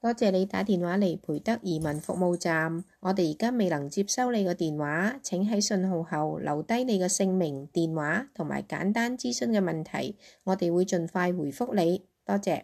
多謝你打電話嚟培德移民服務站，我哋而家未能接收你個電話，請喺訊號後留低你個姓名、電話同埋簡單諮詢嘅問題，我哋會盡快回覆你。多謝。